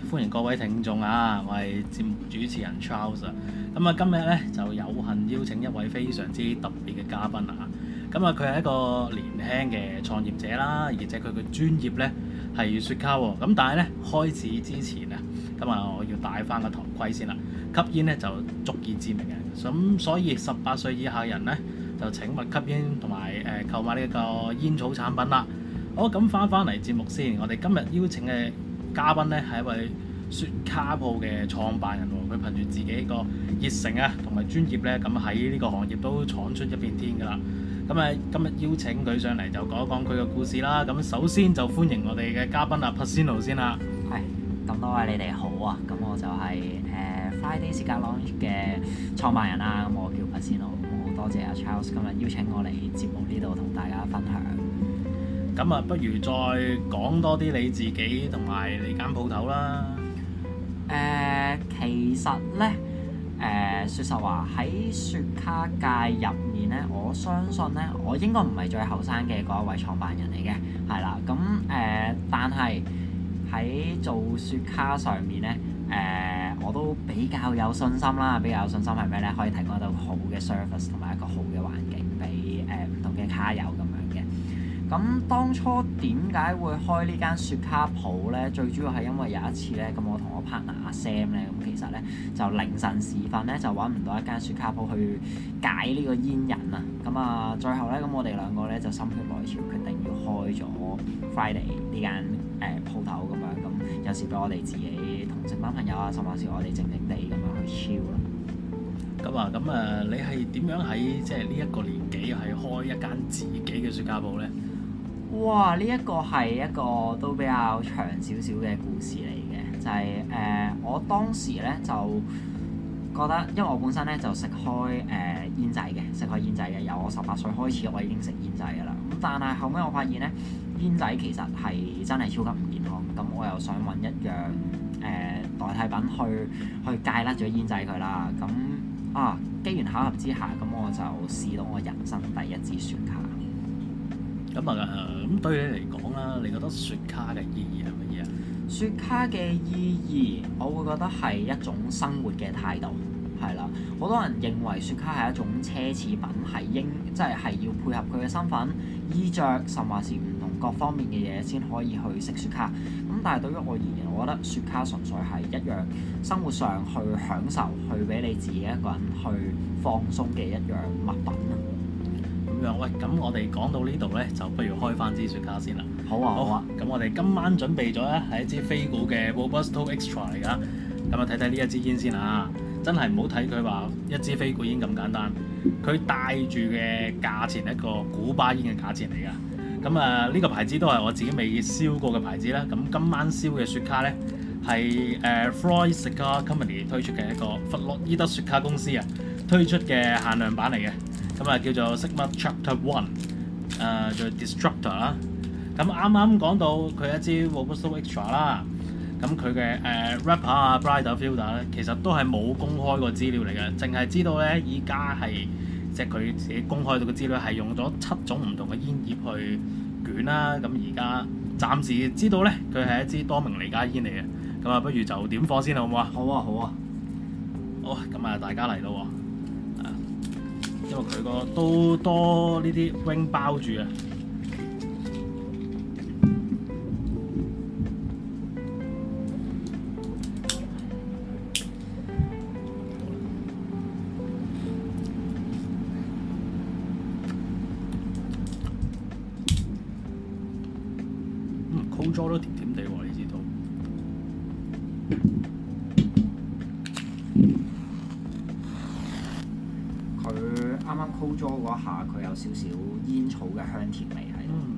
歡迎各位聽眾啊！我係節目主持人 Charles 啊，咁啊今日咧就有幸邀請一位非常之特別嘅嘉賓啊！咁啊佢係一個年輕嘅創業者啦，而且佢嘅專業咧係雪茄喎。咁但係咧開始之前啊，咁啊我要戴翻個頭盔先啦。吸煙咧就足以致命嘅，咁所以十八歲以下人咧就請勿吸煙同埋誒購買呢一個煙草產品啦。好，咁翻翻嚟節目先，我哋今日邀請嘅。嘉賓咧係一位雪茄舖嘅創辦人喎，佢憑住自己個熱誠啊，同埋專業咧，咁喺呢個行業都闖出一片天㗎啦。咁啊，今日邀請佢上嚟就講一講佢嘅故事啦。咁首先就歡迎我哋嘅嘉賓啊，Pasino 先啦。係、hey，咁多位你哋好啊。咁我就係、是、誒、uh，Friday is Galong 嘅創辦人啦。咁我叫 Pasino，好多謝阿 Charles 今日邀請我嚟節目呢度同大家分享。咁啊，不如再講多啲你自己同埋你間鋪頭啦。誒，其實呢，誒、嗯，說實話喺雪卡界入面呢，我相信呢，我應該唔係最後生嘅嗰一位創辦人嚟嘅，係啦。咁、嗯、誒，但係喺做雪卡上面呢，誒、嗯，我都比較有信心啦，比較有信心係咩呢？可以提供到好嘅 service 同埋一個好嘅環境俾誒唔同嘅卡友咁樣嘅。咁當初點解會開呢間雪茄鋪咧？最主要係因為有一次咧，咁我同我 partner 阿 Sam 咧，咁其實咧就凌晨時分咧就揾唔到一間雪茄鋪去解呢個煙癮啊！咁啊，最後咧咁我哋兩個咧就心血來潮，決定要開咗 Friday 呢間誒、呃、鋪頭咁啊！咁有時俾我哋自己同成班朋友啊，甚至乎我哋靜靜地咁樣去 chill 啦。咁啊，咁啊，你係點樣喺即係呢一個年紀係開一間自己嘅雪茄鋪咧？哇！呢、這、一個係一個都比較長少少嘅故事嚟嘅，就係、是、誒、呃，我當時呢，就覺得，因為我本身呢，就食開誒煙、呃、仔嘅，食開煙仔嘅，由我十八歲開始，我已經食煙仔㗎喇。咁但係後尾我發現呢，煙仔其實係真係超級唔健康。咁我又想揾一樣誒、呃、代替品去去戒甩咗煙仔佢啦。咁啊，機緣巧合之下，咁我就試到我人生第一支雪茄。咁啊，咁、嗯、對你嚟講啦，你覺得雪茄嘅意義係乜嘢啊？雪茄嘅意義，我會覺得係一種生活嘅態度，係啦。好多人認為雪茄係一種奢侈品，係應即係係要配合佢嘅身份、衣着，甚或是唔同各方面嘅嘢，先可以去食雪茄。咁但係對於我而言，我覺得雪茄純粹係一樣生活上去享受、去俾你自己一個人去放鬆嘅一樣物品。咁喂，咁我哋講到呢度咧，就不如開返支雪茄先啦。好啊，好啊。咁我哋今晚準備咗咧係一支飛古嘅 Robusto Extra 嚟㗎。咁啊，睇睇呢一支煙先嚇，真係唔好睇佢話一支飛古煙咁簡單。佢帶住嘅價錢一個古巴煙嘅價錢嚟㗎。咁啊，呢、呃這個牌子都係我自己未燒過嘅牌子啦。咁今晚燒嘅雪茄咧係誒 Floyd Cigar Company 推出嘅一個佛洛伊德雪茄公司啊推出嘅限量版嚟嘅。咁、呃就是、啊，叫做《Sigma Chapter One》，誒做 Destructor 啦。咁啱啱講到佢一支 Wolfsu Extra 啦。咁佢嘅誒 rapper 啊、binder、filler 咧，其實都係冇公開過資料嚟嘅，淨係知道咧，依家係，即係佢自己公開到嘅資料係用咗七種唔同嘅煙葉去捲啦。咁而家暫時知道咧，佢係一支多明尼加煙嚟嘅。咁啊，不如就點火先好唔好啊？好啊，好啊，好。咁啊，啊大家嚟到。佢個都多呢啲 wing 包住啊，嗯，cold draw 都甜甜地喎。咗嗰下，佢有少少煙草嘅香甜味喺度。嗯。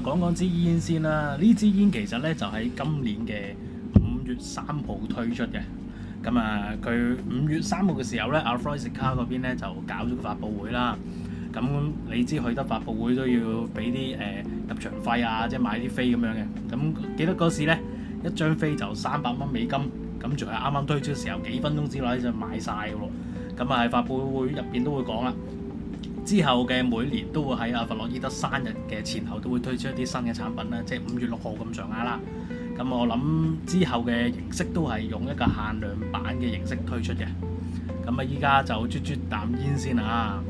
講講支煙先啦，呢支煙其實咧就喺今年嘅五月三號推出嘅。咁啊，佢五月三號嘅時候咧，阿 Floyd Card 嗰邊咧就搞咗個發布會啦。咁你知去得發布會都要俾啲誒入場費啊，即係買啲飛咁樣嘅。咁記得嗰時咧，一張飛就三百蚊美金。咁仲係啱啱推出嘅時候，幾分鐘之內就買晒㗎喎。咁啊，喺發布會入邊都會講啦。之後嘅每年都會喺阿弗洛伊德生日嘅前後都會推出一啲新嘅產品咧，即係五月六號咁上下啦。咁我諗之後嘅形式都係用一個限量版嘅形式推出嘅。咁、就是、啊，依家就啜啜啖煙先啊！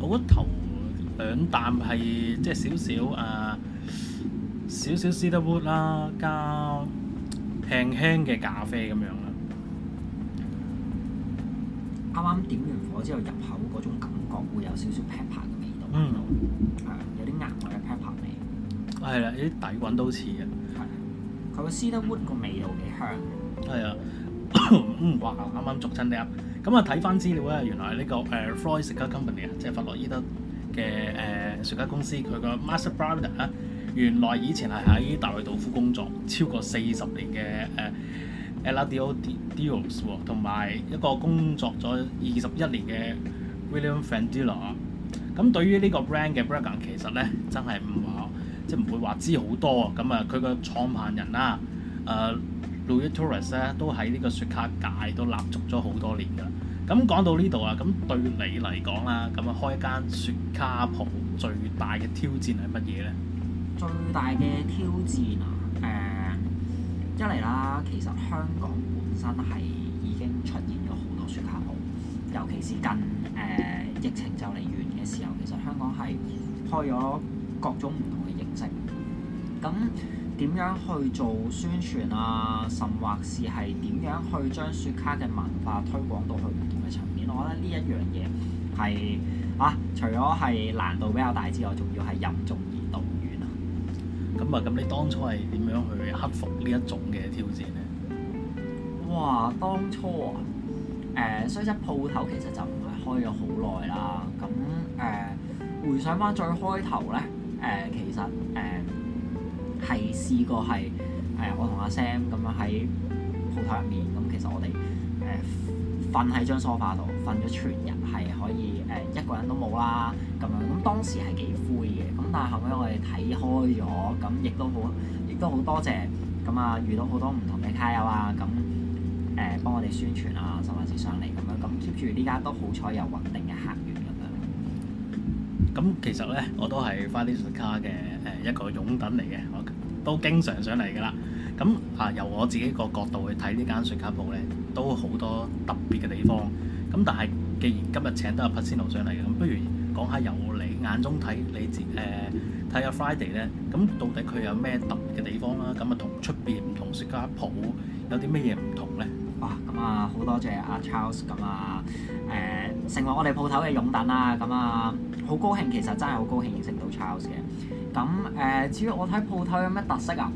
我頭兩啖係即係少少啊～少少 cedar wood 啦，加輕輕嘅咖啡咁樣啦，啱啱點完火之後入口嗰種感覺會有少少 pepper 嘅味道，係、嗯、啊，有啲額外嘅 pepper 味，係啦，啲底韻都似嘅，係，佢個 cedar wood 個味道幾香，係啊、哎呀，哇嗯，嗯哇，啱啱捉親啲啊，咁啊睇翻資料啊，原來呢、這個誒 Freud 食家 company 啊，即係佛洛伊德嘅誒食家公司，佢個 master brother 啊。原來以前係喺大衛杜夫工作超過四十年嘅誒、呃、Eladio Diaz 同、呃、埋一個工作咗二十一年嘅 William Fendler。咁、啊、對於呢個 brand 嘅 b r a g e n 其實咧真係唔話即係唔會話知好多咁啊，佢個創辦人啦，誒、啊、Louis Torres 咧、啊，都喺呢個雪茄界都立足咗好多年㗎啦。咁講到呢度啊，咁、啊、對你嚟講啦，咁啊開間雪茄鋪最大嘅挑戰係乜嘢咧？最大嘅挑戰啊！誒、呃、一嚟啦，其實香港本身係已經出現咗好多雪茄，尤其是近誒、呃、疫情就嚟完嘅時候，其實香港係開咗各種唔同嘅疫症。咁點樣去做宣傳啊？甚或是係點樣去將雪茄嘅文化推廣到去唔同嘅層面？我覺得呢一樣嘢係啊，除咗係難度比較大之外，仲要係任重咁啊，咁你當初係點樣去克服呢一種嘅挑戰咧？哇！當初啊，誒、呃、所以質鋪頭其實就唔係開咗好耐啦。咁誒、呃、回想翻最開頭咧，誒其實誒係試過係誒我同阿 Sam 咁樣喺鋪頭入面咁，其實、呃呃、我哋誒瞓喺張梳化度瞓咗全日，係可以誒、呃、一個人都冇啦。咁樣咁當時係幾灰。但係後尾我哋睇開咗，咁亦都好，亦都好多謝咁啊，遇到好多唔同嘅卡友啊，咁誒、呃、幫我哋宣傳啊，甚、就、至、是、上嚟咁樣，咁 keep 住呢家都好彩有穩定嘅客源咁樣。咁其實咧，我都係翻啲信卡嘅誒一個擁躉嚟嘅，我都經常上嚟噶啦。咁啊，由我自己個角度去睇呢間信卡鋪咧，都好多特別嘅地方。咁但係，既然今日請到阿 Pacino 上嚟，嘅，咁不如，講下由你眼中睇你自誒睇下 Friday 咧，咁到底佢有咩特別嘅地方啦？咁啊同出邊唔同雪茄鋪有啲咩嘢唔同咧？哇！咁啊好多謝阿 Charles 咁啊誒、呃、成為我哋鋪頭嘅擁躉啦！咁啊好高興，其實真係好高興認識到 Charles 嘅。咁誒、呃、至於我睇鋪頭有咩特色啊？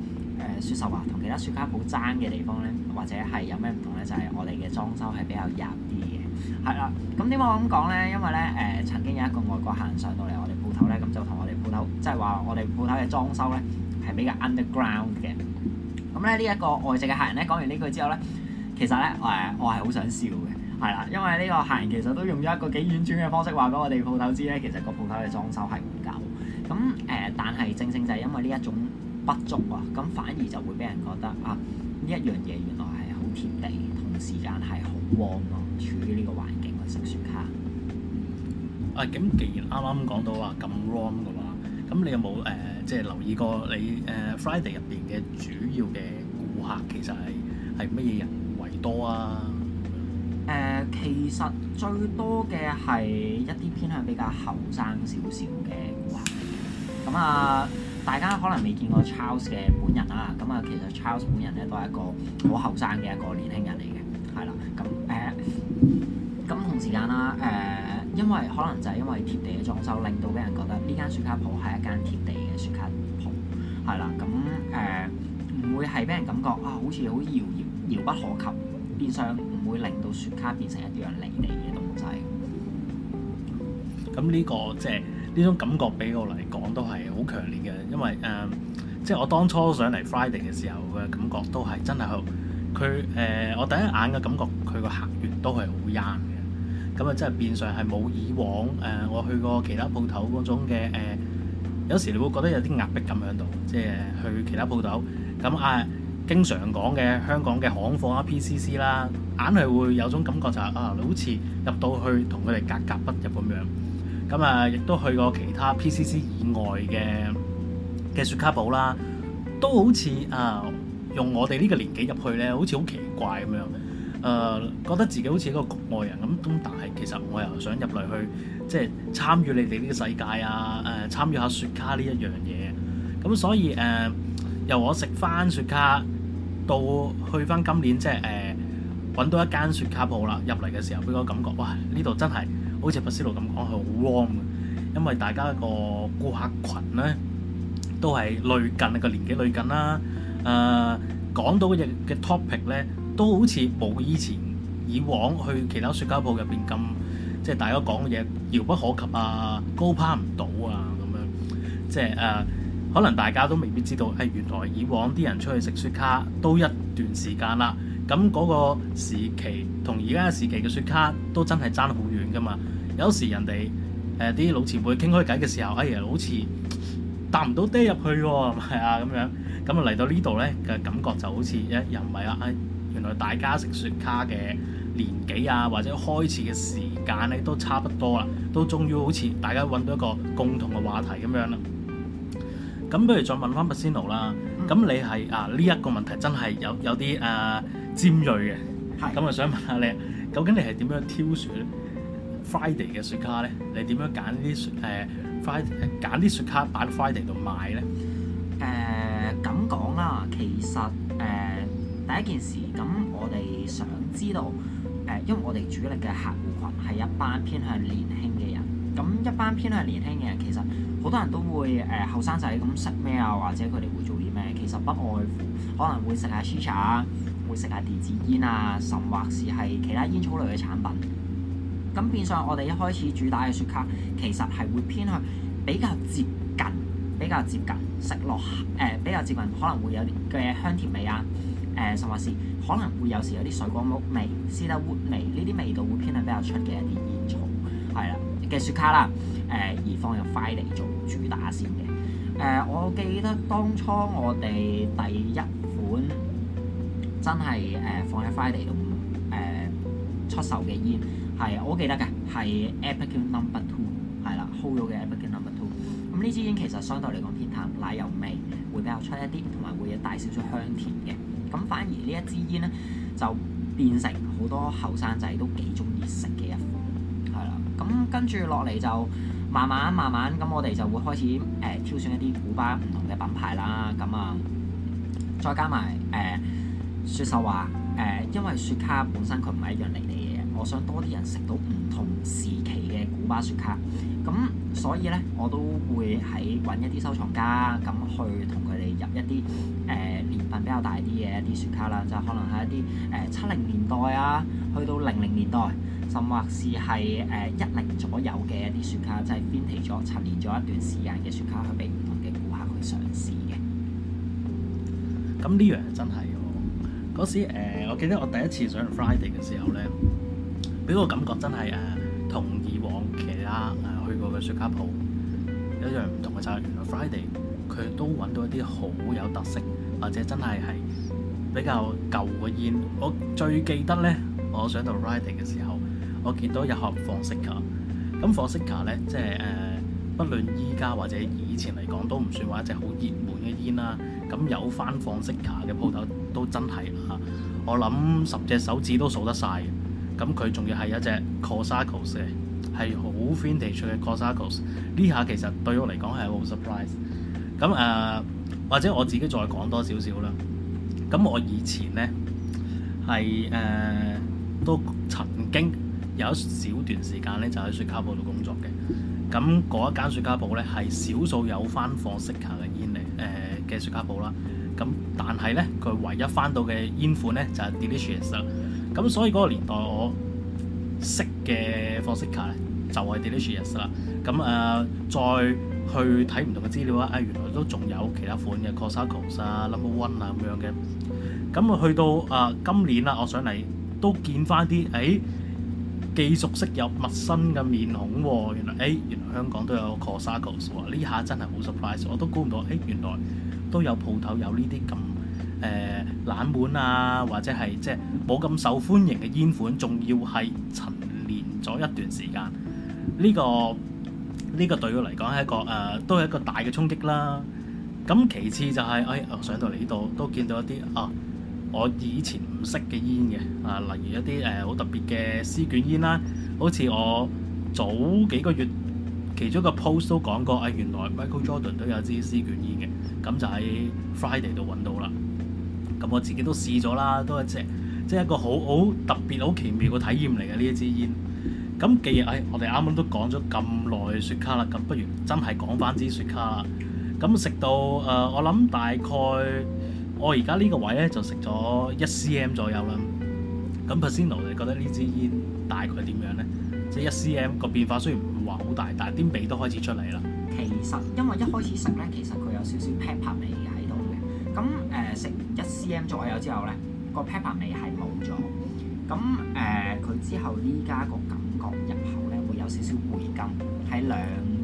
誒説實話同其他雪茄鋪爭嘅地方咧，或者係有咩唔同咧？就係、是、我哋嘅裝修係比較入啲。係啦，咁點解我咁講咧？因為咧，誒、呃、曾經有一個外國客人上到嚟我哋鋪頭咧，咁就同我哋鋪頭，即係話我哋鋪頭嘅裝修咧，係比較 underground 嘅。咁咧，呢、這、一個外籍嘅客人咧講完呢句之後咧，其實咧，誒、呃、我係好想笑嘅，係啦，因為呢個客人其實都用咗一個幾婉轉嘅方式話俾我哋鋪頭知咧，其實個鋪頭嘅裝修係唔夠。咁誒、呃，但係正正就係因為呢一種不足啊，咁反而就會俾人覺得啊，呢一樣嘢原來係好貼地，同時間係好 warm 咯。處於呢個環境去食雪茄啊！咁既然啱啱講到話咁 w r o n g 嘅話，咁你有冇誒、呃、即係留意過你誒、呃、Friday 入邊嘅主要嘅顧客其實係乜嘢人為多啊？誒、呃，其實最多嘅係一啲偏向比較後生少少嘅顧客嚟嘅。咁啊，大家可能未見過 Charles 嘅本人啦、啊。咁啊，其實 Charles 本人咧都係一個好後生嘅一個年輕人嚟嘅。間啦，誒，因為可能就係因為貼地嘅裝修，令到俾人覺得呢間雪卡鋪係一間貼地嘅雪茄鋪，係啦，咁誒唔會係俾人感覺啊，好似好遙遙遙不可及，變相唔會令到雪茄變成一樣離地嘅東西。咁呢、這個即係呢種感覺，俾我嚟講都係好強烈嘅，因為誒、呃，即係我當初上嚟 Friday 嘅時候嘅感覺都係真係佢佢我第一眼嘅感覺，佢個客源都係好硬。咁啊，真係變相係冇以往誒、呃、我去過其他鋪頭嗰種嘅誒、呃、有時你會覺得有啲壓迫感響度，即係去其他鋪頭。咁啊，經常講嘅香港嘅行貨啊 PCC 啦，硬係會有種感覺就係、是、啊，你好似入到去同佢哋格格不入咁樣。咁啊，亦都去過其他 PCC 以外嘅嘅雪茄吧啦，都好似啊，用我哋呢個年紀入去咧，好似好奇怪咁樣嘅。誒、呃、覺得自己好似一個局外人咁，咁但係其實我又想入嚟去，即係參與你哋呢個世界啊！誒參與下雪茄呢一樣嘢，咁、嗯、所以誒、呃、由我食翻雪茄到去翻今年，即係誒揾到一間雪茄鋪啦，入嚟嘅時候俾個感覺，哇！呢度真係好似不思路咁講係好 warm 嘅，因為大家個顧客群咧都係類近，個年紀類近啦，誒、呃、講到嘅嘅 topic 咧，都好似冇以前以往去其他雪茄鋪入邊咁，即係大家講嘅嘢遙不可及啊，高攀唔到啊咁樣。即係誒、呃，可能大家都未必知道，係原來以往啲人出去食雪茄都一段時間啦。咁嗰個時期同而家嘅時期嘅雪茄都真係爭好遠噶嘛。有時人哋誒啲老前輩傾開偈嘅時候，哎呀，好似搭唔到爹入去喎、哦，係啊咁樣。咁啊嚟到呢度咧嘅感覺就好似誒又唔係啦，哎呀原來大家食雪茄嘅年紀啊，或者開始嘅時間咧、啊、都差不多啦，都終於好似大家揾到一個共同嘅話題咁樣啦。咁不如再問翻麥先奴啦。咁、嗯、你係啊呢一、這個問題真係有有啲誒、呃、尖鋭嘅，咁我是想問下你，究竟你係點樣挑選 Friday 嘅雪茄咧？你點樣揀啲誒 Friday 揀啲雪茄擺 Friday 度賣咧？誒咁講啦，其實誒。呃第一件事咁，我哋想知道誒、呃，因為我哋主力嘅客戶群係一班偏向年輕嘅人。咁一班偏向年輕嘅人，其實好多人都會誒後生仔咁食咩啊，或者佢哋會做啲咩？其實不外乎可能會食下 cigarette，會食下電子煙啊，甚或是係其他煙草類嘅產品。咁變相我哋一開始主打嘅雪茄，其實係會偏向比較接近，比較接近食落誒比較接近可能會有嘅香甜味啊。誒，甚至可能會有時有啲水果木味、絲德 wood 味呢啲味道會偏向比較出嘅一啲煙草，係啦嘅雪茄啦，誒、呃、而放入 fire 做主打線嘅。誒、呃，我記得當初我哋第一款真係誒、呃、放入 fire 嚟做誒出售嘅煙係我記得嘅係 Epicure number two 係啦 hold 咗嘅 Epicure number two。咁呢支煙其實相對嚟講偏淡，奶油味會比較出一啲，同埋會有帶少少香甜嘅。咁反而一呢一支煙咧，就變成好多後生仔都幾中意食嘅一款，係啦。咁跟住落嚟就慢慢慢慢，咁我哋就會開始誒、呃、挑選一啲古巴唔同嘅品牌啦。咁啊，再加埋誒，説實話誒，因為雪茄本身佢唔係一樣嚟嚟嘢，我想多啲人食到唔同時期嘅古巴雪茄。咁所以咧，我都會喺揾一啲收藏家咁去同佢哋入一啲誒。呃比較大啲嘅一啲雪卡啦，就可能係一啲誒七零年代啊，去到零零年代，甚或是係誒一零左右嘅一啲雪卡，即係編起咗、陳年咗一段時間嘅雪卡，去俾唔同嘅顧客去嘗試嘅。咁呢樣真係喎，嗰時我記得我第一次上 Friday 嘅時候咧，俾我感覺真係誒，同以往其他誒去過嘅雪卡鋪有一樣唔同嘅就係，原來 Friday 佢都揾到一啲好有特色。或者真係係比較舊嘅煙，我最記得呢，我上到 Riding 嘅時候，我見到有盒 Fonseca 咁 Fonseca 呢，即係、呃、不論依家或者以前嚟講，都唔算話一隻好熱門嘅煙啦。咁有翻 Fonseca 嘅鋪頭都真係啊！我諗十隻手指都數得晒嘅。咁佢仲要係一隻 Cosacos 嘅，係好 vintage 嘅 Cosacos。呢下其實對我嚟講係好 surprise。咁誒。呃或者我自己再講多少少啦。咁我以前呢，係誒、呃、都曾經有一小段時間呢，就喺雪茄鋪度工作嘅。咁嗰一間雪茄鋪呢，係少數有翻 Fonseca 嘅煙嚟誒嘅雪茄鋪啦。咁但係呢，佢唯一翻到嘅煙款呢，就係 Delicious 啦。咁所以嗰個年代我識嘅 Fonseca 呢，就係、是、Delicious 啦。咁誒、呃、再。去睇唔同嘅資料啊！誒、哎、原來都仲有其他款嘅 Corsacos 啊、Number、no. One 啊咁樣嘅。咁去到啊、呃、今年啦，我上嚟都見翻啲誒既熟悉又陌生嘅面孔喎、哦。原來誒、哎、原來香港都有 Corsacos 喎。呢下真係好 surprise！我都估唔到誒、哎、原來都有鋪頭有呢啲咁誒冷門啊，或者係即係冇咁受歡迎嘅煙款，仲要係陳年咗一段時間呢、這個。呢個對我嚟講係一個誒、呃，都係一個大嘅衝擊啦。咁其次就係、是，哎，上到嚟呢度都見到一啲啊，我以前唔識嘅煙嘅啊，例如一啲誒好特別嘅絲捲煙啦，好似我早幾個月其中一個 post 都講過，哎、啊，原來 Michael Jordan 都有支絲捲煙嘅，咁就喺 Friday 度揾到啦。咁我自己都試咗啦，都係一隻，即係一個好好特別、好奇妙嘅體驗嚟嘅呢一支煙。咁既然誒、哎，我哋啱啱都講咗咁耐雪茄啦，咁不如真係講翻支雪茄啦。咁食到誒、呃，我諗大概我而家呢個位咧就食咗一 cm 左右啦。咁 Pacino 就覺得呢支煙大概點樣咧？即係一 cm 個變化雖然唔話好大，但係啲味都開始出嚟啦。其實因為一開始食咧，其實佢有少少 pepper 味喺度嘅。咁誒食一 cm 左右之後咧，個 pepper 味係冇咗。咁誒佢之後呢家個入口咧會有少少回甘喺兩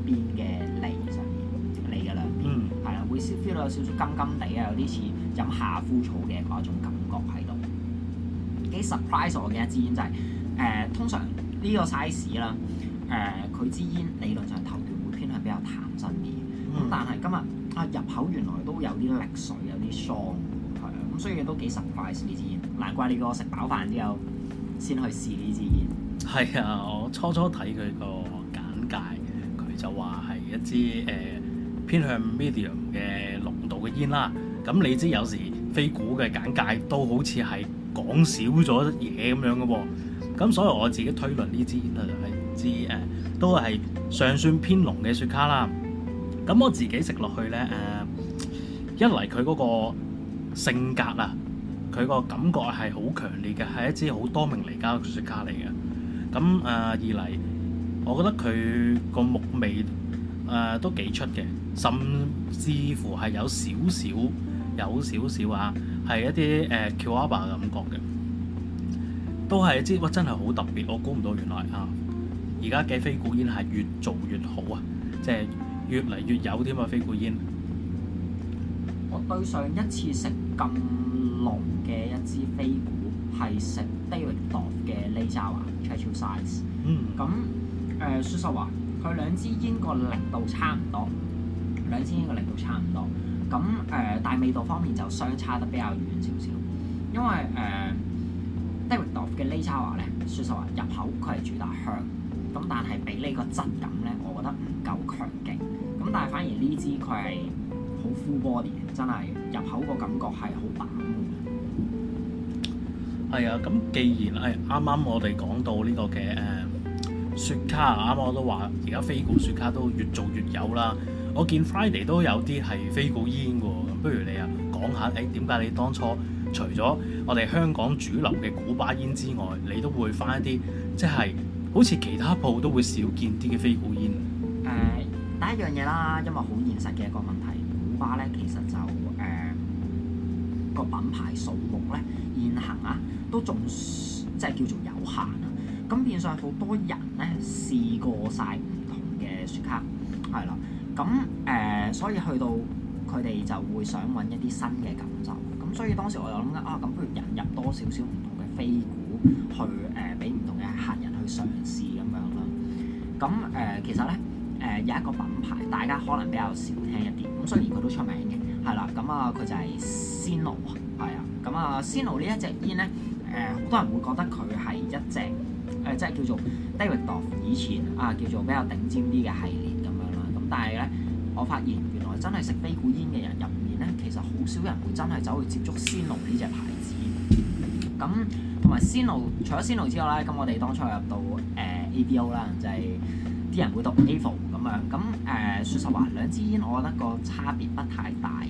邊嘅脷上面，脷嘅兩邊，係啦、嗯，會先 feel 到有少少甘甘地啊，有啲似飲夏枯草嘅嗰一種感覺喺度。幾 surprise 我嘅一支煙就係、是、誒、呃，通常呢個 size 啦，誒佢支煙理論上頭段會偏向比較淡身啲，咁、嗯、但係今日啊入口原來都有啲力水，有啲桑嘅，係咁所以都幾 surprise 呢支煙，難怪你個食飽飯之後先去試呢支煙。係啊，我初初睇佢個簡介，嘅，佢就話係一支誒偏向 medium 嘅濃度嘅煙啦。咁、嗯、你知有時非古嘅簡介都好似係講少咗嘢咁樣嘅喎、啊。咁、嗯、所以我自己推論呢支煙係一支誒都係尚算偏濃嘅雪茄啦。咁、嗯、我自己食落去咧誒、呃，一嚟佢嗰個性格啊，佢個感覺係好強烈嘅，係一支好多名嚟家嘅雪茄嚟嘅。咁誒、呃、二嚟，我覺得佢個木味誒、呃、都幾出嘅，甚至乎係有少少，有少少啊，係一啲 q 喬瓦巴嘅感覺嘅，都係一支哇真係好特別，我估唔到原來啊！而家嘅飛古煙係越做越好啊，即係越嚟越有添啊，飛古煙。我對上一次食咁濃嘅一支飛係食 Davidoff 嘅 Lazarus，try two size，嗯，咁誒，呃、實說實話，佢兩支煙個力度差唔多，兩支煙個力度差唔多。咁誒、呃，但係味道方面就相差得比較遠少少，因為誒 Davidoff 嘅 Lazarus 咧，説、呃呃、實話入口佢係主打香，咁但係俾呢個質感咧，我覺得唔夠強勁。咁但係反而呢支佢係好 full body，真係入口個感覺係好飽係啊，咁、哎、既然係啱啱我哋講到呢個嘅誒、嗯、雪茄，啱啱我都話而家非古雪茄都越做越有啦。我見 Friday 都有啲係非古煙嘅喎，不如你啊講下誒點解你當初除咗我哋香港主流嘅古巴煙之外，你都會翻一啲即係好似其他鋪都會少見啲嘅非古煙？誒、呃、第一樣嘢啦，因為好現實嘅一個問題，古巴咧其實就誒個、呃、品牌數目咧現行啊。都仲即係叫做有限啊！咁變相好多人咧試過晒唔同嘅雪茄，係啦。咁誒、呃，所以去到佢哋就會想揾一啲新嘅感受。咁所以當時我就諗緊啊，咁不如引入多少少唔同嘅飛股去誒，俾、呃、唔同嘅客人去嘗試咁樣咯。咁誒、呃，其實咧誒、呃、有一個品牌，大家可能比較少聽一啲咁，雖然佢都出名嘅，係啦。咁啊，佢、呃、就係 Cino 啊，係啊。咁啊，Cino 呢一隻煙咧。誒，好、呃、多人會覺得佢係一隻誒、呃，即係叫做 Davidoff 以前啊，叫做比較頂尖啲嘅系列咁樣啦。咁但係咧，我發現原來真係食非古煙嘅人入面咧，其實好少人會真係走去接觸 Zino 呢隻牌子。咁同埋 Zino，Zino，除咗 Zino 之外咧，咁我哋當初入到誒、呃、AVO 啦，就係、是、啲人會讀 Avo 咁樣。咁誒，說、呃、實話，兩支煙我覺得個差別不太大。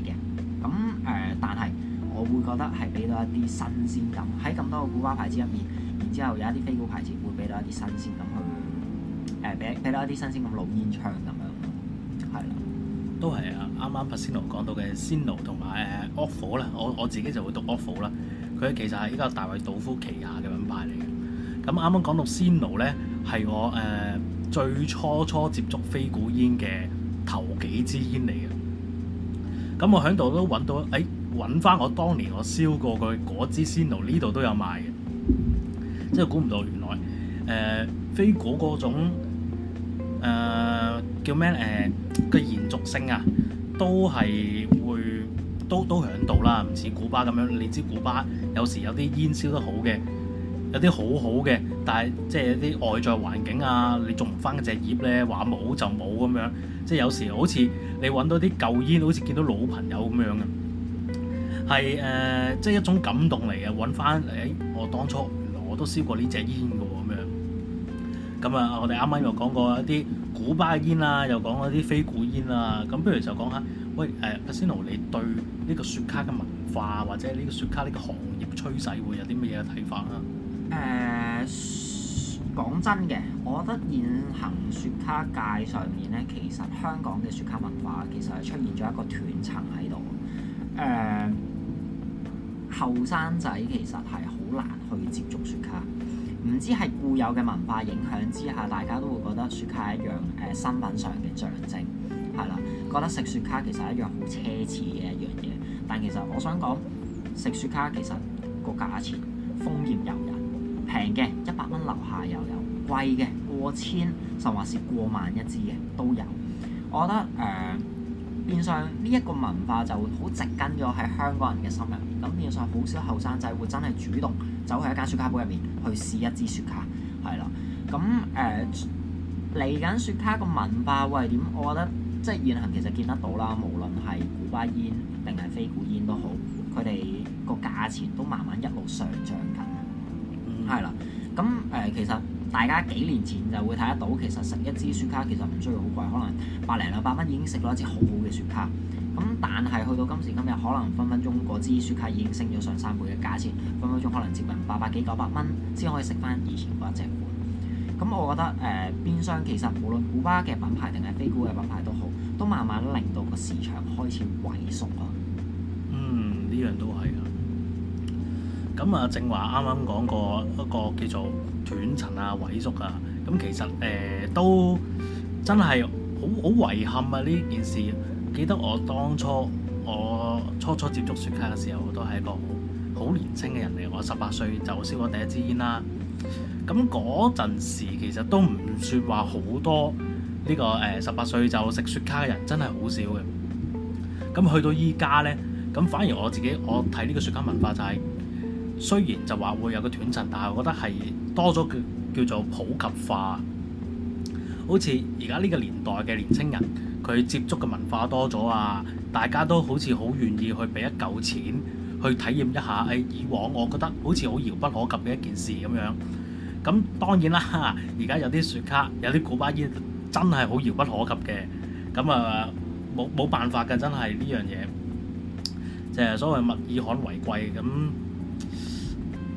會覺得係俾到一啲新鮮感，喺咁多個古巴牌子入面，然之後有一啲非古牌子會俾到一啲新鮮感，去誒俾俾到一啲新鮮咁老煙槍咁樣。係啦，都係啊！啱啱 Pasino 講到嘅 Zino 同埋誒 AVO 啦，我我自己就會讀 AVO 啦。佢其實係一個大衛杜夫旗下嘅品牌嚟嘅。咁啱啱講到 Zino 咧，係我誒、呃、最初初接觸非古煙嘅頭幾支煙嚟嘅。咁我喺度都揾到誒。哎揾翻我當年我燒過佢嗰支仙露，呢度都有賣嘅。即係估唔到原來，誒飛嗰嗰種、呃、叫咩咧？誒、呃、個延續性啊，都係會都都響度啦。唔似古巴咁樣，你知古巴有時有啲煙燒得好嘅，有啲好好嘅，但係即係啲外在環境啊，你種唔翻隻葉咧，話冇就冇咁樣。即係有時好似你揾到啲舊煙，好似見到老朋友咁樣嘅。係誒、呃，即係一種感動嚟嘅，揾翻嚟我當初原來我都燒過呢隻煙嘅喎咁樣。咁啊，我哋啱啱又講過一啲古巴煙啦，又講過啲非古煙啦。咁不如就講下，喂誒、呃、阿仙奴你對呢個雪茄嘅文化或者呢個雪茄呢個行業趨勢會有啲乜嘢嘅睇法啦？誒、呃，講真嘅，我覺得現行雪茄界上面咧，其實香港嘅雪茄文化其實係出現咗一個斷層喺度。誒、呃。後生仔其實係好難去接觸雪茄，唔知係固有嘅文化影響之下，大家都會覺得雪茄係一樣誒身份上嘅象徵，係啦，覺得食雪茄其實係一樣好奢侈嘅一樣嘢。但其實我想講，食雪茄其實個價錢豐儉由人，平嘅一百蚊樓下又有，有貴嘅過千甚或是過萬一支嘅都有。我覺得誒。呃變相呢一、這個文化就會好植根咗喺香港人嘅心入面。咁變相好少後生仔會真係主動走去一間雪茄鋪入面去試一支雪茄，係啦，咁誒嚟緊雪茄個文化會係點？我覺得即係現行其實見得到啦，無論係古巴煙定係非古煙都好，佢哋個價錢都慢慢一路上漲緊，係啦，咁誒、呃、其實。大家幾年前就會睇得到，其實食一支雪茄其實唔需要好貴，可能百零兩百蚊已經食到一支好好嘅雪茄。咁但係去到今時今日，可能分分鐘嗰支雪茄已經升咗上三倍嘅價錢，分分鐘可能接近八百幾九百蚊先可以食翻以前嗰一隻款。咁我覺得誒、呃、邊商其實無論古巴嘅品牌定係非古嘅品牌都好，都慢慢令到個市場開始萎縮咯。嗯，呢樣都係啊。咁啊，正華啱啱講過一、那個叫做。斷層啊，萎縮啊，咁其實誒、呃、都真係好好遺憾啊！呢件事記得我當初我初初接觸雪茄嘅時候，我都係一個好年輕嘅人嚟，我十八歲就燒咗第一支煙啦、啊。咁嗰陣時其實都唔算話好多呢、呢個誒十八歲就食雪茄嘅人，真係好少嘅。咁去到依家呢，咁反而我自己我睇呢個雪茄文化就係、係、雖然就話會有個斷層，但係我覺得係。多咗叫叫做普及化，好似而家呢個年代嘅年青人，佢接觸嘅文化多咗啊！大家都好似好願意去俾一嚿錢去體驗一下，誒、哎、以往我覺得好似好遙不可及嘅一件事咁樣。咁當然啦，而家有啲雪茄，有啲古巴煙真係好遙不可及嘅。咁啊，冇冇辦法嘅，真係呢樣嘢，就係、是、所謂物以罕為貴咁。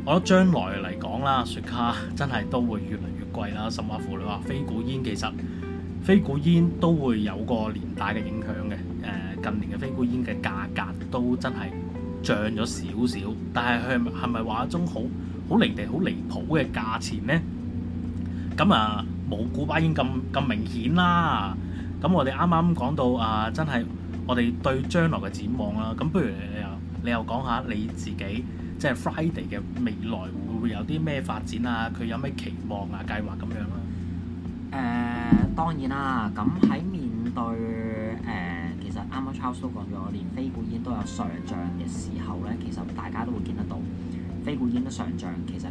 我覺得將來嚟講啦，雪茄真係都會越嚟越貴啦，甚至乎你話非古煙，其實非古煙都會有個年代嘅影響嘅。誒、呃，近年嘅非古煙嘅價格都真係漲咗少少，但係佢係咪話一種好好離地、好離譜嘅價錢呢？咁啊，冇古巴煙咁咁明顯啦。咁我哋啱啱講到啊，真係我哋對將來嘅展望啦。咁不如你又你又講下你自己？即係 Friday 嘅未來會會有啲咩發展啊？佢有咩期望啊？計劃咁樣啦、啊。誒、呃、當然啦、啊，咁喺面對誒、呃、其實啱啱 Charles 都講咗，連飛古煙都有上漲嘅時候咧，其實大家都會見得到飛古煙都上漲，其實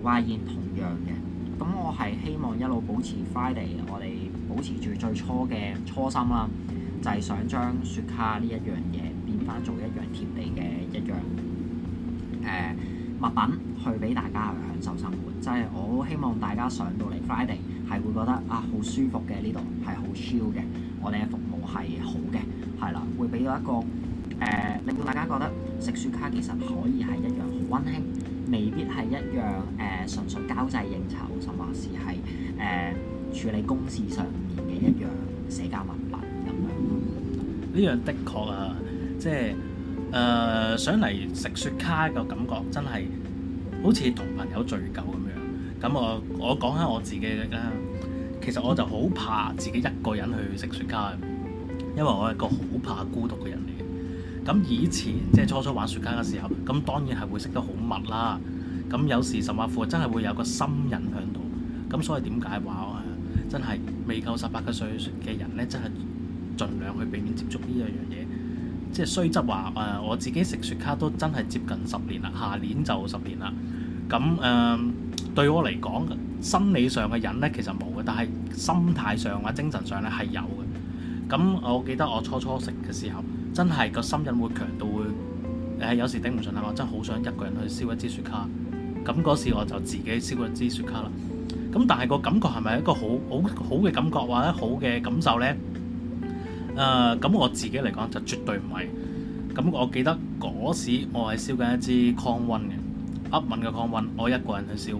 Huawei 同樣嘅。咁我係希望一路保持 Friday，我哋保持住最初嘅初心啦，就係、是、想將雪茄呢一樣嘢變翻做一樣貼地嘅一樣。誒、呃、物品去俾大家去享受生活，即、就、係、是、我好希望大家上到嚟 Friday 係會覺得啊好舒服嘅，呢度係好 h 舒嘅，我哋嘅服務係好嘅，係啦會俾到一個誒、呃、令到大家覺得食雪卡其實可以係一樣好溫馨，未必係一樣誒純粹交際應酬，甚或是係誒、呃、處理公事上面嘅一樣社交物品咁樣。呢樣的確啊，即係。誒上嚟食雪卡嘅感覺真係好似同朋友聚舊咁樣。咁我我講下我自己啦。其實我就好怕自己一個人去食雪卡，因為我係個好怕孤獨嘅人嚟。咁以前即係初初玩雪卡嘅時候，咁當然係會食得好密啦。咁有時十萬富真係會有個心癮響度。咁所以點解話我係真係未夠十八個歲嘅人呢？真係儘量去避免接觸呢一樣嘢。即係雖則話誒，我自己食雪茄都真係接近十年啦，下年就十年啦。咁誒、呃，對我嚟講，生理上嘅癮呢其實冇嘅，但係心態上或者精神上呢係有嘅。咁我記得我初初食嘅時候，真係個心癮會強到會誒、呃，有時頂唔順啦，我真係好想一個人去燒一支雪茄。咁嗰時我就自己燒一支雪茄啦。咁但係個感覺係咪一個好好好嘅感覺或者好嘅感受呢？誒咁、呃、我自己嚟講就絕對唔係。咁我記得嗰時我係燒緊一支康溫嘅厄文嘅康溫，我一個人去燒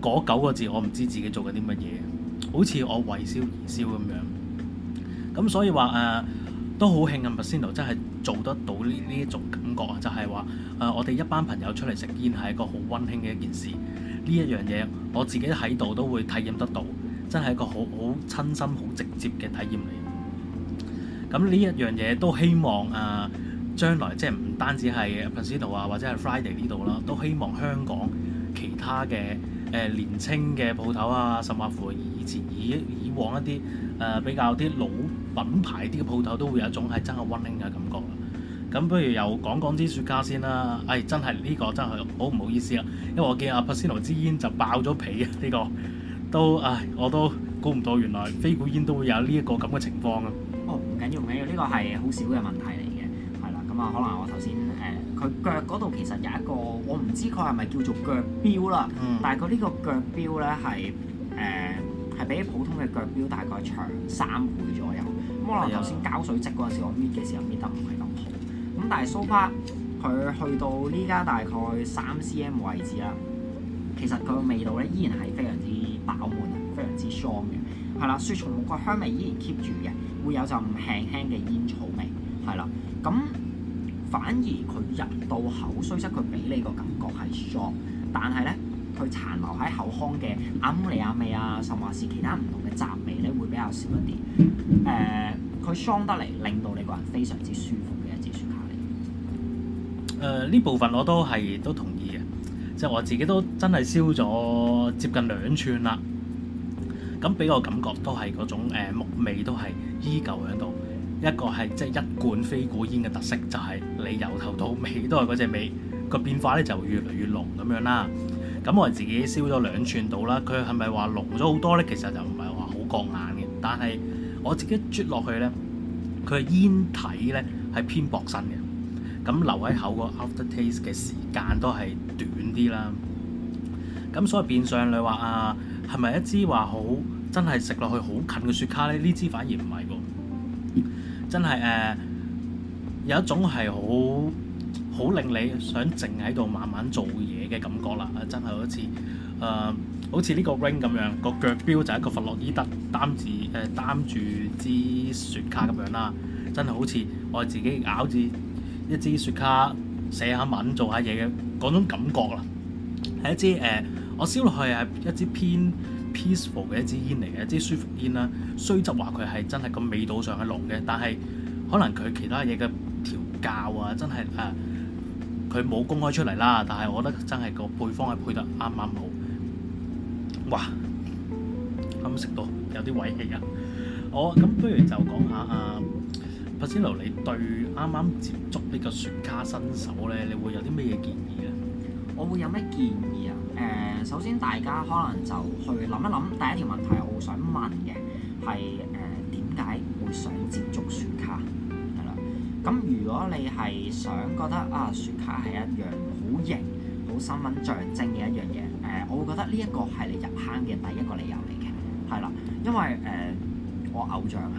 嗰九個字，我唔知自己做緊啲乜嘢，好似我為燒而燒咁樣。咁所以話誒、呃、都好慶幸，麥先奴真係做得到呢呢一種感覺啊，就係話誒我哋一班朋友出嚟食煙係一個好温馨嘅一件事。呢一樣嘢我自己喺度都會體驗得到，真係一個好好親身好直接嘅體驗嚟。咁呢一樣嘢都希望啊，將來即係唔單止係 Pascal 啊，或者係 Friday 呢度啦，都希望香港其他嘅誒、呃、年青嘅鋪頭啊，甚至乎以前以以往一啲誒、呃、比較啲、呃、老品牌啲嘅鋪頭，都會有一種係真係溫暖嘅感覺啊。咁不如又講講支雪茄先啦。唉、哎，真係呢個真係好唔好意思啊，因為我見阿 Pascal 支煙就爆咗皮啊，呢、這個都唉我都估唔到，原來飛古煙都會有呢、這、一個咁嘅情況啊。哦，唔緊要唔緊要，呢個係好少嘅問題嚟嘅，係啦，咁啊可能我頭先誒佢、呃、腳嗰度其實有一個，我唔知佢係咪叫做腳標啦，嗯、但係佢呢個腳標咧係誒係比普通嘅腳標大概長三倍左右，咁可能頭先膠水直嗰陣時我搣嘅時候搣得唔係咁好，咁但係 Super 佢去到呢家大概三 cm 位置啦，其實佢個味道咧依然係非常之飽滿啊，非常之 strong 嘅，係啦，雪松木個香味依然 keep 住嘅。會有陣輕輕嘅煙草味，係啦，咁反而佢入到口，雖則佢俾你個感覺係爽，但係咧，佢殘留喺口腔嘅阿摩尼亞味啊，甚或是其他唔同嘅雜味咧，會比較少一啲。誒、呃，佢爽得嚟，令到你個人非常之舒服嘅一支雪茄嚟。誒、呃，呢部分我都係都同意嘅，即、就、係、是、我自己都真係燒咗接近兩寸啦，咁俾我感覺都係嗰種、呃、木味都係。依舊喺度，一個係即係一貫飛古煙嘅特色，就係、是、你由頭到尾都係嗰隻味個變化咧，就會越嚟越濃咁樣啦。咁我自己燒咗兩寸到啦，佢係咪話濃咗好多呢？其實就唔係話好過眼嘅。但係我自己啜落去呢，佢嘅煙體呢係偏薄身嘅，咁留喺口個 aftertaste 嘅時間都係短啲啦。咁所以變相你話啊，係咪一支話好真係食落去好近嘅雪茄呢？呢支反而唔係。真係誒、呃、有一種係好好令你想靜喺度慢慢做嘢嘅感覺啦！真係好似誒、呃、好似呢個 ring 咁樣，個腳標就係一個弗洛伊德擔住誒、呃、擔住支雪茄咁樣啦，真係好似我自己咬住一支雪茄寫文下文做下嘢嘅嗰種感覺啦，係一支誒、呃、我燒落去係一支偏。Peaceful 嘅一支煙嚟嘅，一支舒服煙啦、啊。雖則話佢係真係個味道上係濃嘅，但係可能佢其他嘢嘅調教啊，真係誒，佢、啊、冇公開出嚟啦。但係我覺得真係個配方係配得啱啱好。哇！啱食到有啲遺棄啊！我咁不如就講下啊 Patino 你對啱啱接觸船呢個雪茄新手咧，你會有啲咩建議咧？我會有咩建議啊？誒？首先，大家可能就去諗一諗第一條問題，我會想問嘅係誒，點解會想接觸雪茄係啦。咁如果你係想覺得啊，雪茄係一樣好型、好身份象徵嘅一樣嘢。誒、呃，我會覺得呢一個係你入坑嘅第一個理由嚟嘅，係啦。因為誒、呃、我偶像啊，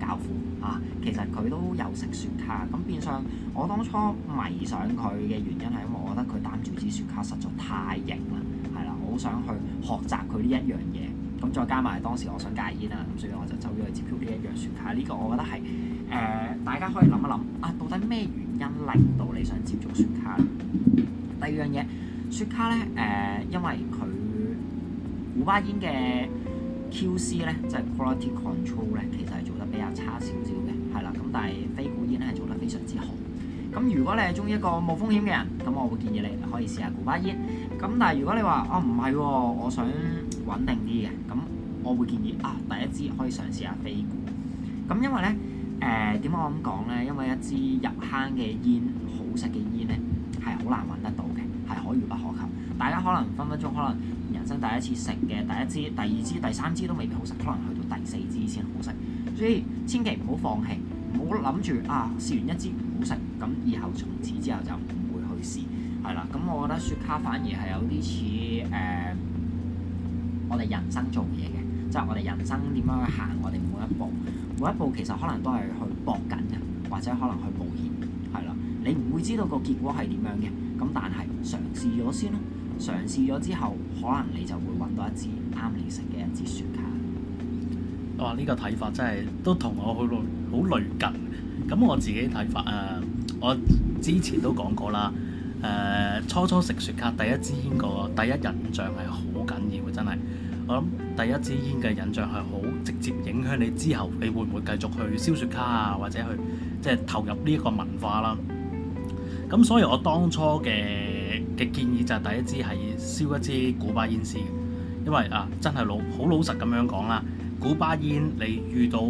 誒教父啊，其實佢都有食雪茄，咁變相我當初迷上佢嘅原因係因為我覺得佢擔住支雪茄實在太型啦。好想去學習佢呢一樣嘢，咁再加埋當時我想戒煙啊，咁所以我就走咗去接觸呢一樣雪茄。呢、這個我覺得係誒、呃、大家可以諗一諗啊，到底咩原因令到你想接觸雪茄？第二樣嘢，雪茄咧誒、呃，因為佢古巴煙嘅 QC 咧，即、就、係、是、Quality Control 咧，其實係做得比較差少少嘅，係啦。咁但係非古煙咧係做得非常之好。咁如果你係中意一個冇風險嘅人，咁我會建議你可以試下古巴煙。咁但係如果你話啊唔係喎，我想穩定啲嘅，咁我會建議啊第一支可以嘗試下飛股。咁因為呢，誒點解我咁講呢？因為一支入坑嘅煙好食嘅煙呢，係好難揾得到嘅，係可遇不可求。大家可能分分鐘可能人生第一次食嘅第一支、第二支、第三支都未必好食，可能去到第四支先好食。所以千祈唔好放棄，唔好諗住啊試完一支唔好食，咁以後從此之後就。係啦，咁我覺得雪卡反而係有啲似誒我哋人生做嘢嘅，即係我哋人生點樣去行，我哋每一步每一步其實可能都係去搏緊嘅，或者可能去冒險係啦。你唔會知道個結果係點樣嘅，咁但係嘗試咗先啦。嘗試咗之後，可能你就會揾到一支啱你食嘅一支雪卡。哇，呢個睇法真係都同我好好類近。咁我自己嘅睇法誒、呃，我之前都講過啦。誒、呃、初初食雪茄第一支煙個第一印象係好緊要嘅，真係我諗第一支煙嘅印象係好直接影響你之後，你會唔會繼續去燒雪茄啊，或者去即係投入呢一個文化啦？咁所以我當初嘅嘅建議就係第一支係燒一支古巴煙先，因為啊，真係老好老實咁樣講啦，古巴煙你遇到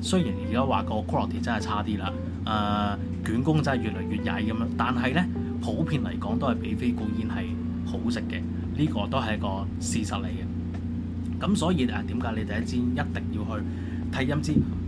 雖然而家話個 quality 真係差啲啦，誒、呃、捲工真係越嚟越曳咁樣，但係呢。普遍嚟講都係比非古煙係好食嘅，呢、這個都係個事實嚟嘅。咁所以誒點解你第一支一定要去體驗一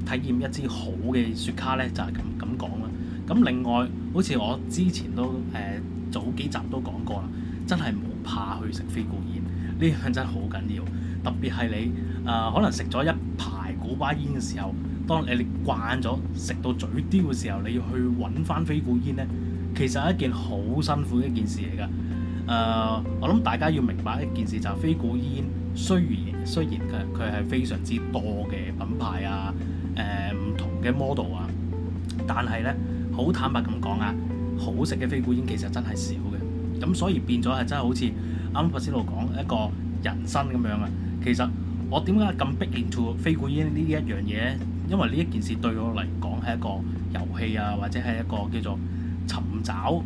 體驗一支好嘅雪茄呢？就係咁咁講啦。咁另外，好似我之前都誒、呃、早幾集都講過啦，真係冇怕去食非古煙呢樣真係好緊要。特別係你誒、呃、可能食咗一排古巴煙嘅時候，當你你慣咗食到嘴刁嘅時候，你要去揾翻非古煙呢。其實係一件好辛苦嘅一件事嚟噶。誒、呃，我諗大家要明白一件事就係非古煙，雖然雖然佢佢係非常之多嘅品牌啊，誒、呃、唔同嘅 model 啊，但係咧好坦白咁講啊，好食嘅非古煙其實真係少嘅。咁所以變咗係真係好似啱啱頭先度講一個人生咁樣啊。其實我點解咁 big into 非古煙呢一樣嘢？因為呢一件事對我嚟講係一個遊戲啊，或者係一個叫做尋找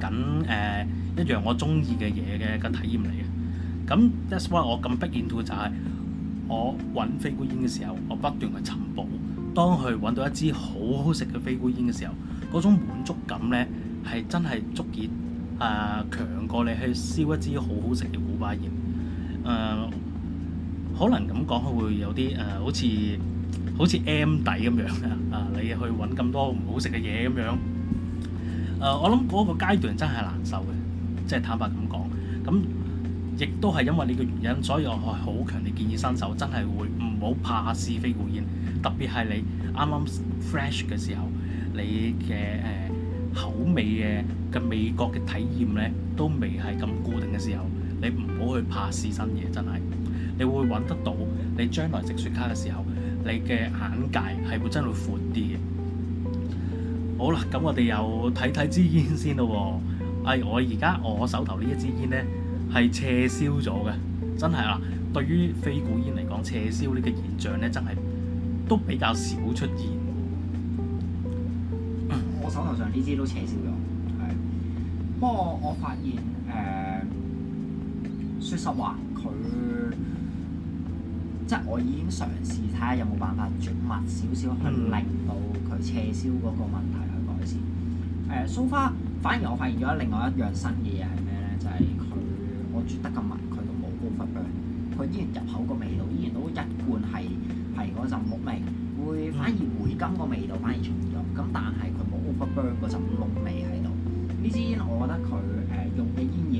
緊誒、呃、一樣我中意嘅嘢嘅個體驗嚟嘅。咁 that's why、so、into，我咁 big into 就係我揾飛姑煙嘅時候，我不斷去尋寶。當佢揾到一支好好食嘅飛姑煙嘅時候，嗰種滿足感呢，係真係足以誒、呃、強過你去燒一支好好食嘅古巴煙誒、呃。可能咁講，佢會有啲誒、呃、好似好似 M 底咁樣啊！你去揾咁多唔好食嘅嘢咁樣。誒、呃，我諗嗰個階段真係難受嘅，即係坦白咁講。咁亦都係因為你嘅原因，所以我係好強烈建議新手真係會唔好怕是非混亂，特別係你啱啱 fresh 嘅時候，你嘅誒、呃、口味嘅嘅味覺嘅體驗呢都未係咁固定嘅時候，你唔好去怕試新嘢，真係你會揾得到。你將來食雪茄嘅時候，你嘅眼界係會真會闊啲嘅。好啦，咁我哋又睇睇支煙先咯喎、哦。誒、哎，我而家我手頭呢一支煙咧係斜燒咗嘅，真係啦。對於非古煙嚟講，斜燒呢個現象咧，真係都比較少出現。我手頭上呢支都斜燒咗，不過我,我發現誒，説、呃、實話佢即係我已經嘗試睇下有冇辦法絕密少少去令到佢斜燒嗰個問題。誒，蘇花反而我發現咗另外一樣新嘅嘢係咩咧？就係、是，佢我煮得咁密，佢都冇高分 burn。佢依然入口個味道依然都一貫係係嗰陣木味，會反而回甘個味道反而重咗。咁但係佢冇高分 burn 嗰陣濃味喺度。呢支煙我覺得佢誒、呃、用嘅煙葉，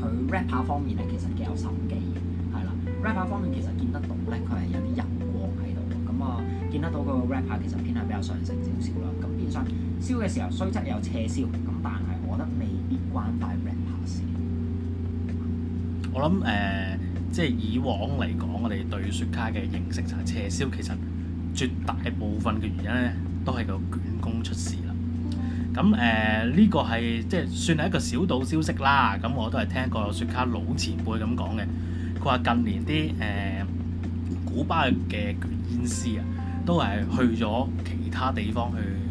佢 wrapper 方面咧其實幾有心機嘅，係啦。wrapper 方面其實見得到咧，佢係有啲油光喺度。咁啊，見得到個 wrapper 其實偏向比較點點上乘少少啦。咁變相。燒嘅時候，雖則有邪燒，咁但係我覺得未必關大 wrapper 事。我諗誒，即係以往嚟講，我哋對雪茄嘅認識就係邪燒，其實絕大部分嘅原因咧，都係個捲工出事啦。咁誒，呢、呃這個係即係算係一個小道消息啦。咁我都係聽過雪茄老前輩咁講嘅，佢話近年啲誒、呃、古巴嘅捲煙師啊，都係去咗其他地方去。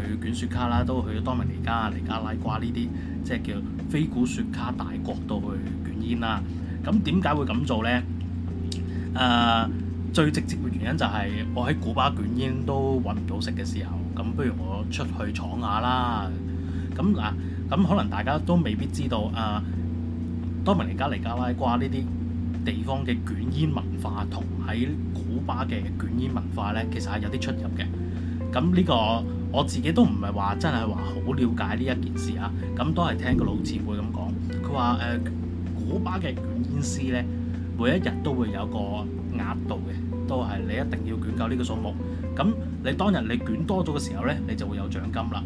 去捲雪茄啦，都去多明尼加、尼加拉瓜呢啲，即係叫非古雪茄大國度去捲煙啦。咁點解會咁做呢？誒、啊，最直接嘅原因就係我喺古巴捲煙都揾唔到食嘅時候，咁不如我出去闖下啦。咁嗱，咁、啊、可能大家都未必知道啊。多明尼加、尼加拉瓜呢啲地方嘅捲煙文化，同喺古巴嘅捲煙文化呢，其實係有啲出入嘅。咁呢、呢個。我自己都唔係話真係話好了解呢一件事啊，咁都係聽個老師傅咁講。佢話誒古巴嘅捲煙師呢，每一日都會有個額度嘅，都係你一定要捲夠呢個數目。咁你當日你捲多咗嘅時候呢，你就會有獎金啦。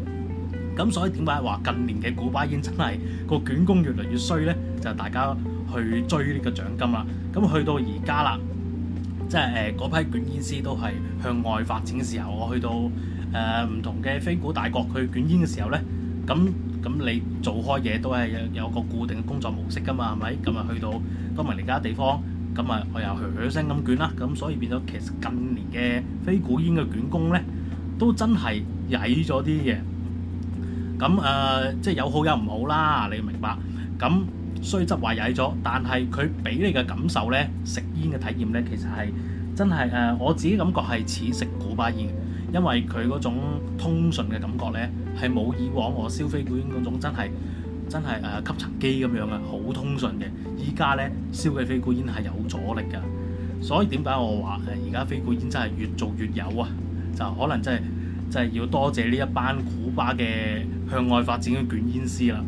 咁所以點解話近年嘅古巴煙真係個捲工越嚟越衰呢？就大家去追呢個獎金啦。咁去到而家啦，即係誒嗰批捲煙師都係向外發展嘅時候，我去到。誒唔同嘅非古大國去捲煙嘅時候咧，咁咁你做開嘢都係有個固定嘅工作模式㗎嘛，係咪？咁啊去到多明尼加嘅地方，咁啊我又噏噏聲咁捲啦，咁所以變咗其實近年嘅非古煙嘅捲工咧，都真係曳咗啲嘅。咁誒即係有好有唔好啦，你明白？咁雖則話曳咗，但係佢俾你嘅感受咧，食煙嘅體驗咧，其實係真係誒我自己感覺係似食古巴煙。因為佢嗰種通順嘅感覺呢，係冇以往我燒非古煙嗰種真係真係誒吸塵機咁樣啊，好通順嘅。依家呢燒嘅非古煙係有阻力㗎，所以點解我話而家非古煙真係越做越有啊？就可能真係真係要多謝呢一班古巴嘅向外發展嘅捲煙師啦。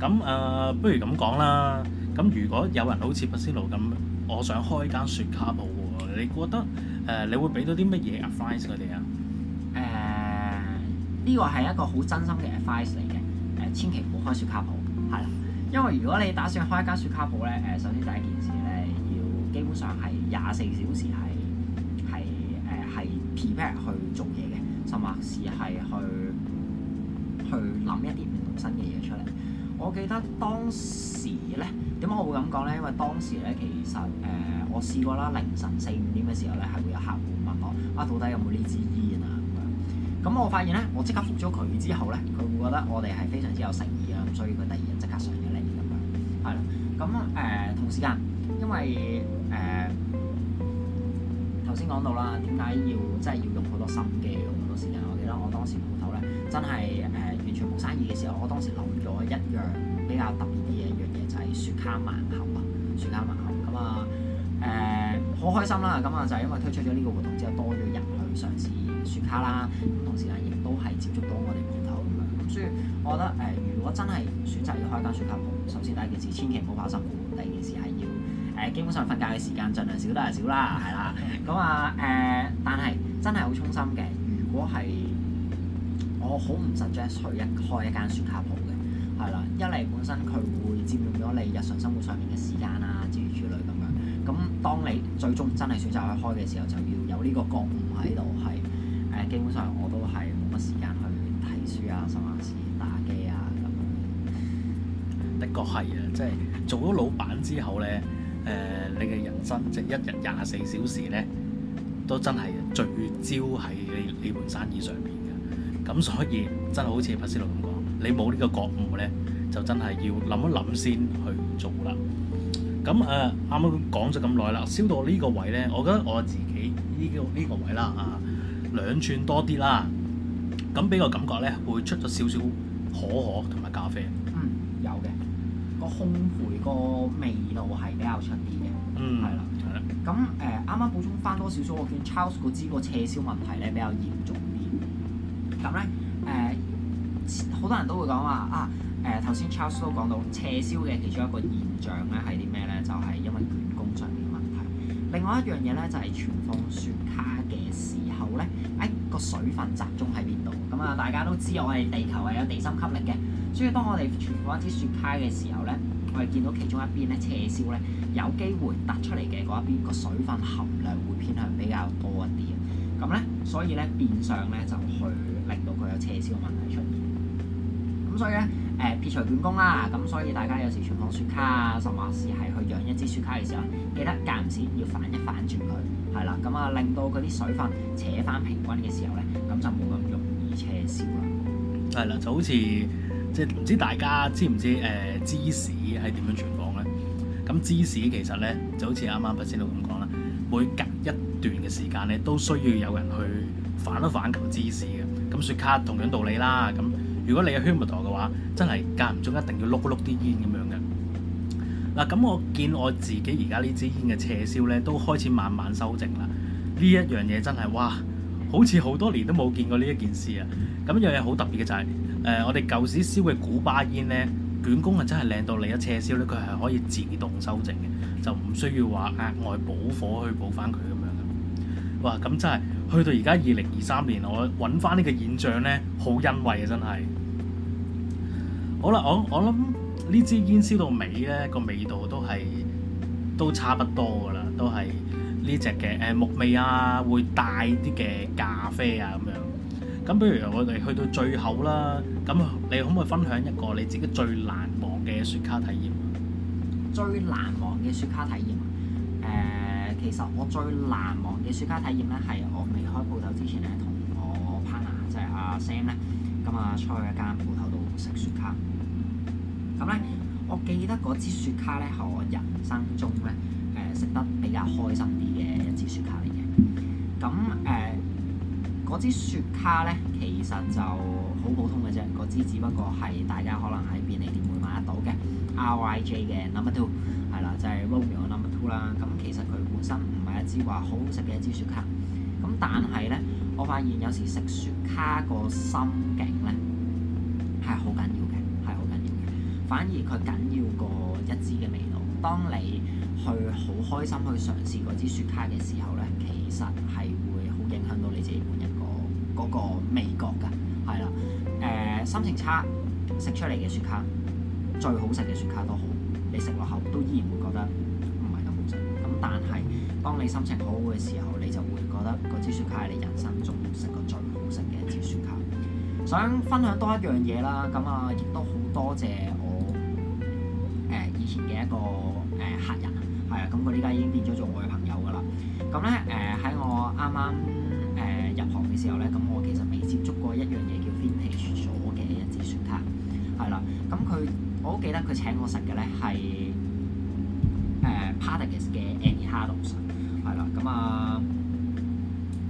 咁誒、呃，不如咁講啦。咁如果有人好似不思奴咁，我想開間雪茄鋪喎，你覺得？誒，你會俾到啲乜嘢 advice 佢哋啊？誒，呢個係一個好真心嘅 advice 嚟嘅。誒，千祈唔好開雪卡鋪，係啦。因為如果你打算開一間雪卡鋪咧，誒，首先第一件事咧，要基本上係廿四小時係係誒係 prepare 去做嘢嘅，甚或是係去去諗一啲新嘅嘢出嚟。我記得當時咧，點解我會咁講咧？因為當時咧，其實誒、呃，我試過啦，凌晨四五點嘅時候咧，係會有客戶問我，啊，到底有冇呢支煙啊？咁樣，咁我發現咧，我即刻覆咗佢之後咧，佢會覺得我哋係非常之有誠意啊，所以佢第二日即刻上咗嚟咁樣。係啦，咁、嗯、誒、呃、同時間，因為誒頭先講到啦，點解要即係要用好多心機用好多時間？我記得我當時鋪頭咧，真係～全部生意嘅時候，我當時諗咗一樣比較特別啲嘅一樣嘢，就係、是、雪卡盲盒啊，雪卡盲盒咁啊，誒好、呃、開心啦！咁啊，就係因為推出咗呢個活動之後，多咗人去嘗試雪卡啦，咁同時間亦都係接觸到我哋鋪頭咁樣，所以我覺得誒、呃，如果真係選擇要開間雪卡鋪，首先第一件事千祈唔好怕辛苦，第二件事係要誒、呃、基本上瞓覺嘅時間儘量少得係少啦，係啦，咁啊誒，但係真係好衷心嘅，如果係。我好唔 suggest 佢一開一間雪茄鋪嘅，係啦，一嚟本身佢會佔用咗你日常生活上面嘅時間啊之類之類咁樣。咁當你最終真係選擇去開嘅時候，就要有呢個覺悟喺度，係，誒基本上我都係冇乜時間去睇書啊，甚至打機啊咁。的確係啊，即係做咗老闆之後咧，誒你嘅人生即係一日廿四小時咧，都真係聚焦喺你你盤生意上面。咁所以真係好似畢斯路咁講，你冇呢個覺悟咧，就真係要諗一諗先去做啦。咁誒，啱啱講咗咁耐啦，燒到呢個位咧，我覺得我自己呢個呢個位啦啊，兩吋多啲啦。咁俾個感覺咧，會出咗少少可可同埋咖啡。嗯，有嘅，個烘焙個味道係比較出啲嘅。嗯，係啦、嗯，係、嗯、啦。咁誒、嗯，啱啱補充翻多少少，我見 Charles 嗰支個斜燒問題咧比較嚴重。咁咧，誒好、呃、多人都會講話啊！誒、呃、頭先 Charles 都講到，斜燒嘅其中一個現象咧係啲咩咧？就係、是、因為員工上面嘅問題。另外一樣嘢咧就係存放雪卡嘅時候咧，喺、欸、個水分集中喺邊度？咁啊，大家都知我哋地球係有地心吸力嘅，所以當我哋存放一啲雪卡嘅時候咧，我哋見到其中一邊咧斜燒咧，有機會突出嚟嘅嗰一邊個水分含量會偏向比較多一啲。咁咧，所以咧變相咧就去。令到佢有斜燒嘅問題出現咁，所以咧誒、呃、撇除捲工啦，咁所以大家有時存放雪茄啊，甚或係去養一支雪茄嘅時候，記得間唔時要反一反轉佢係啦，咁啊令到佢啲水分扯翻平均嘅時候咧，咁就冇咁容易斜燒啦。係啦，就好似即係唔知大家知唔知誒、呃、芝士係點樣存放咧？咁芝士其實咧就好似啱啱畢先佬咁講啦，每隔一段嘅時間咧，都需要有人去反一反轉芝士。咁雪茄同樣道理啦，咁如果你嘅 Humidor 唔大嘅話，真係間唔中一定要碌碌啲煙咁樣嘅。嗱、啊，咁我見我自己而家呢支煙嘅斜燒咧，都開始慢慢修正啦。呢一樣嘢真係哇，好似好多年都冇見過呢一件事啊！咁一樣嘢好特別嘅就係、是，誒、呃、我哋舊時燒嘅古巴煙咧，捲工係真係靚到你一斜燒咧，佢係可以自動修正嘅，就唔需要話額外補火去補翻佢咁樣嘅。哇、啊，咁真係～去到而家二零二三年，我揾翻呢個現象咧，好欣慰啊！真係。好啦，我我諗呢支煙燒到尾咧，個味道都係都差不多噶啦，都係呢隻嘅誒木味啊，會帶啲嘅咖啡啊咁樣。咁不如我哋去到最後啦，咁你可唔可以分享一個你自己最難忘嘅雪茄體驗？最難忘嘅雪茄體驗啊，誒～其實我最難忘嘅雪茄體驗咧，係我未開鋪頭之前咧，同我 partner 即係阿 Sam 咧，咁啊，出去一間鋪頭度食雪茄。咁咧，我記得嗰支雪茄咧，係我人生中咧誒食得比較開心啲嘅一支雪茄嚟嘅。咁誒，嗰、呃、支雪茄咧，其實就好普通嘅啫。嗰支只不過係大家可能喺便利店會買得到嘅 R Y J 嘅 number two，係啦，就係、是、Romeo number two 啦。咁其實佢。唔係一支話好食嘅一支雪茄，咁但係咧，我發現有時食雪茄個心境咧係好緊要嘅，係好緊要嘅。反而佢緊要過一支嘅味道。當你去好開心去嘗試嗰支雪茄嘅時候咧，其實係會好影響到你自己每一個嗰個味覺㗎。係啦，誒、呃、心情差，食出嚟嘅雪茄，最好食嘅雪茄都好，你食落口都依然會覺得。但係，當你心情好好嘅時候，你就會覺得支雪茄係你人生中食過最好食嘅一支雪茄。想分享多一樣嘢啦，咁啊亦都好多謝我誒、呃、以前嘅一個誒、呃、客人，係啊，咁佢呢家已經變咗做我嘅朋友噶啦。咁咧誒喺我啱啱誒入行嘅時候咧，咁我其實未接觸過一樣嘢叫 Vintage 咗嘅一支雪茄，係啦。咁佢我好記得佢請我食嘅咧係。嘅 Amy Hardus 係啦，咁啊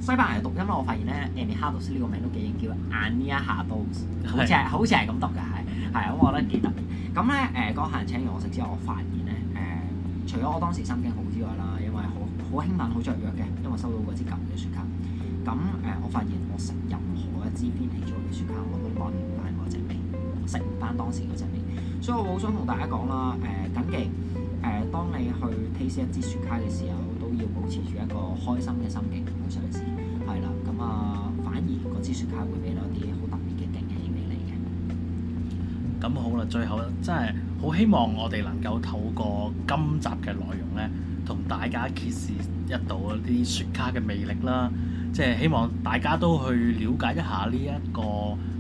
西班牙人讀音啦，我發現咧 Amy Hardus 呢個名都幾認，叫 Ania Hardus 好似係好似係咁讀嘅，係係，我覺得幾特別。咁咧誒嗰行人請完我食之後，我發現咧誒、呃，除咗我當時心境好之外啦，因為好好興奮、好雀躍嘅，因為收到嗰支咁嘅雪茄。咁誒、呃，我發現我食任何一支編製咗嘅雪茄，我都聞唔到係隻味，食唔翻當時嗰隻味。所以我好想同大家講啦，誒、呃、緊、呃、記。去 taste 一支雪茄嘅時候，都要保持住一個開心嘅心境去嘗試，係啦。咁啊，反而嗰支雪茄會俾到啲好特別嘅定氣俾你嘅。咁好啦，最後真係好希望我哋能夠透過今集嘅內容呢，同大家揭示一道嗰啲雪茄嘅魅力啦。即係希望大家都去了解一下呢一個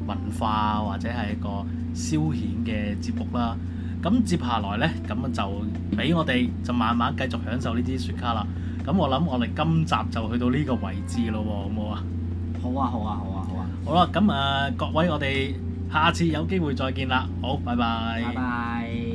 文化或者係一個消遣嘅節目啦。咁接下來呢，咁就俾我哋就慢慢繼續享受呢啲雪茄啦。咁我諗我哋今集就去到呢個位置咯，好唔好啊？好啊，好啊，好啊，好啊。好啦，咁、呃、啊各位，我哋下次有機會再見啦。好，拜拜。拜拜。